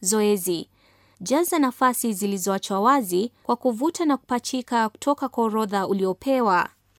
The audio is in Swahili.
zoezi. Jaza nafasi zilizoachwa wazi kwa kuvuta na kupachika kutoka kwa orodha uliopewa.